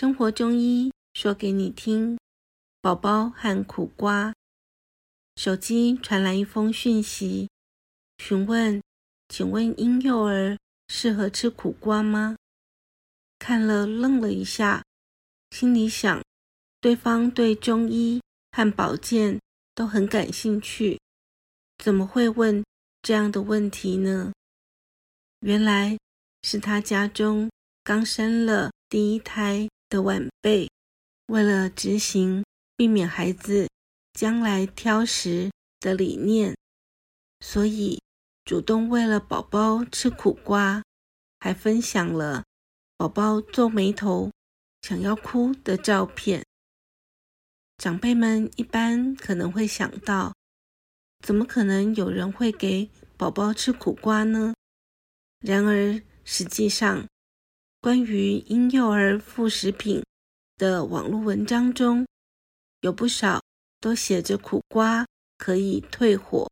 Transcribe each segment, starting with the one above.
生活中醫說給你聽，寶寶和苦瓜。手機傳來一封訊息，詢問：“請問嬰幼兒適合吃苦瓜嗎？”看了愣了一下，心裡想：對方對中醫和保健都很感興趣，怎麼會問這樣的問題呢？原來是他家中剛生了第一胎。的晚輩，為了執行避免孩子將來挑食的理念，所以主動餵了寶寶吃苦瓜，還分享了寶寶皺眉頭、想要哭的照片。長輩們一般可能會想到，怎麼可能有人會給寶寶吃苦瓜呢？然而，實際上。關於嬰幼兒副食品的網絡文章中，有不少都寫着苦瓜可以退火，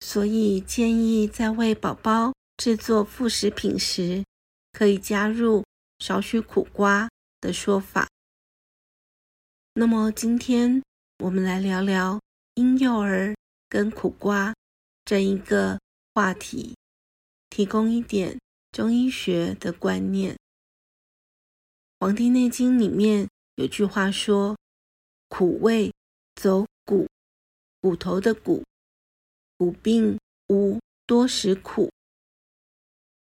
所以建議在為寶寶製作副食品時，可以加入少許苦瓜的說法。那麼，今天我們來聊聊嬰幼兒跟苦瓜這一個話題，提供一點。中醫學的觀念，《黃帝內經》裡面有句話說：“苦味走骨，骨頭的骨，骨病無多食苦。”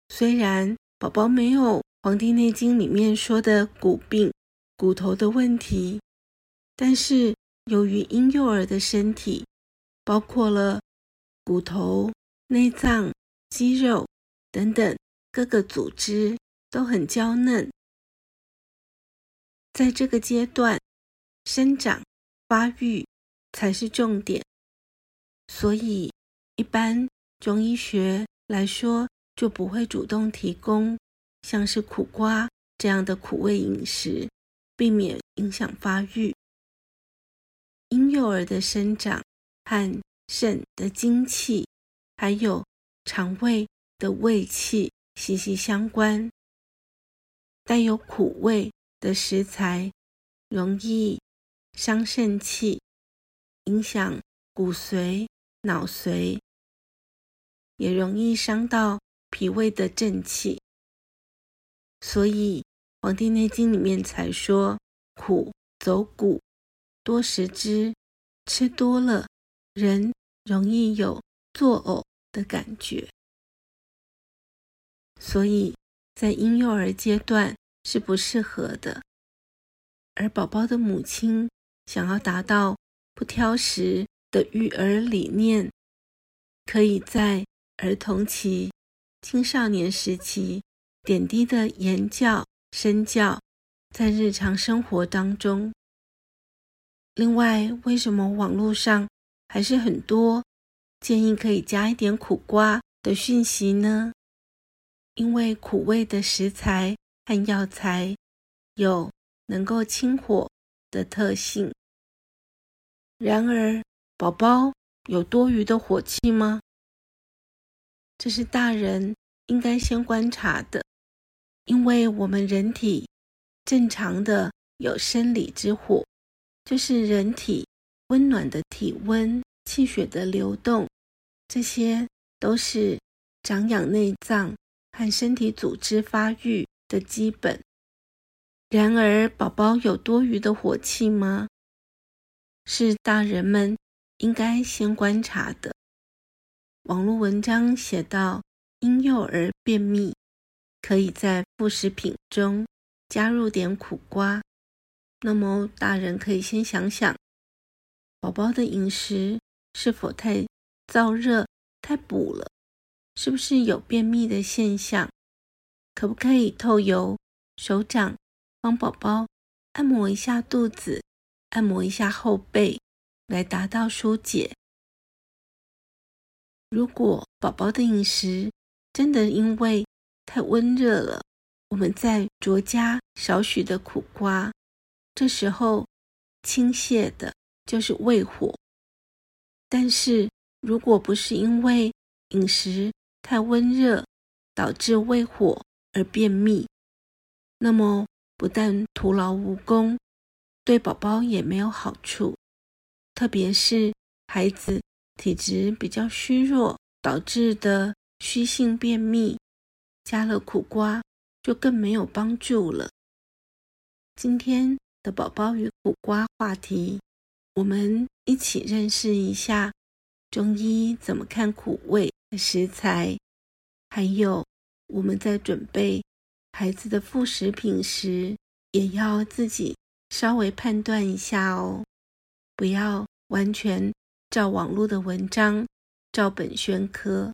雖然寶寶沒有《黃帝內經》裡面說的骨病、骨頭的問題，但是由於嬰幼兒的身體包括了骨頭、內臟、肌肉等等。各個組織都很嬌嫩，在這個階段，生長發育才是重點，所以一般中醫學來說就不會主動提供像是苦瓜這樣的苦味飲食，避免影響發育。嬰幼兒的生長和腎的精氣，還有腸胃的胃氣。息息相關，帶有苦味的食材容易傷腎氣，影響骨髓、腦髓，也容易傷到脾胃的正氣。所以，《黃帝內經》裡面才說：“苦走骨，多食之，吃多了人容易有作嘔的感覺。”所以，在嬰幼兒階段是不適合的。而寶寶的母親想要達到不挑食的育兒理念，可以在兒童期、青少年時期點滴的言教、身教，在日常生活當中。另外，為什麼網絡上還是很多建議可以加一點苦瓜的訊息呢？因為苦味的食材和藥材有能夠清火的特性。然而，寶寶有多餘的火氣嗎？這是大人應該先觀察的。因為我們人體正常的有生理之火，就是人體溫暖的體溫、氣血的流動，這些都是長養內臟。和身體組織發育的基本。然而，寶寶有多餘的火氣嗎？是大人們應該先觀察的。網絡文章寫道，嬰幼兒便秘，可以在副食品中加入點苦瓜。那麼，大人可以先想想，寶寶的飲食是否太燥熱、太補了。是不是有便秘的現象？可不可以透由手掌幫寶寶按摩一下肚子，按摩一下後背，來達到疏解？如果寶寶的飲食真的因為太溫熱了，我們再酌加少許的苦瓜，這時候清瀉的就是胃火。但是如果不是因為飲食，太溫熱導致胃火而便秘，那麼不但徒勞無功，對寶寶也沒有好處。特別是孩子體質比較虛弱導致的虛性便秘，加了苦瓜就更沒有幫助了。今天的寶寶與苦瓜話題，我們一起認識一下中醫怎麼看苦味。食材，還有我們在準備孩子的副食品時，也要自己稍微判斷一下哦，不要完全照網絡的文章，照本宣科。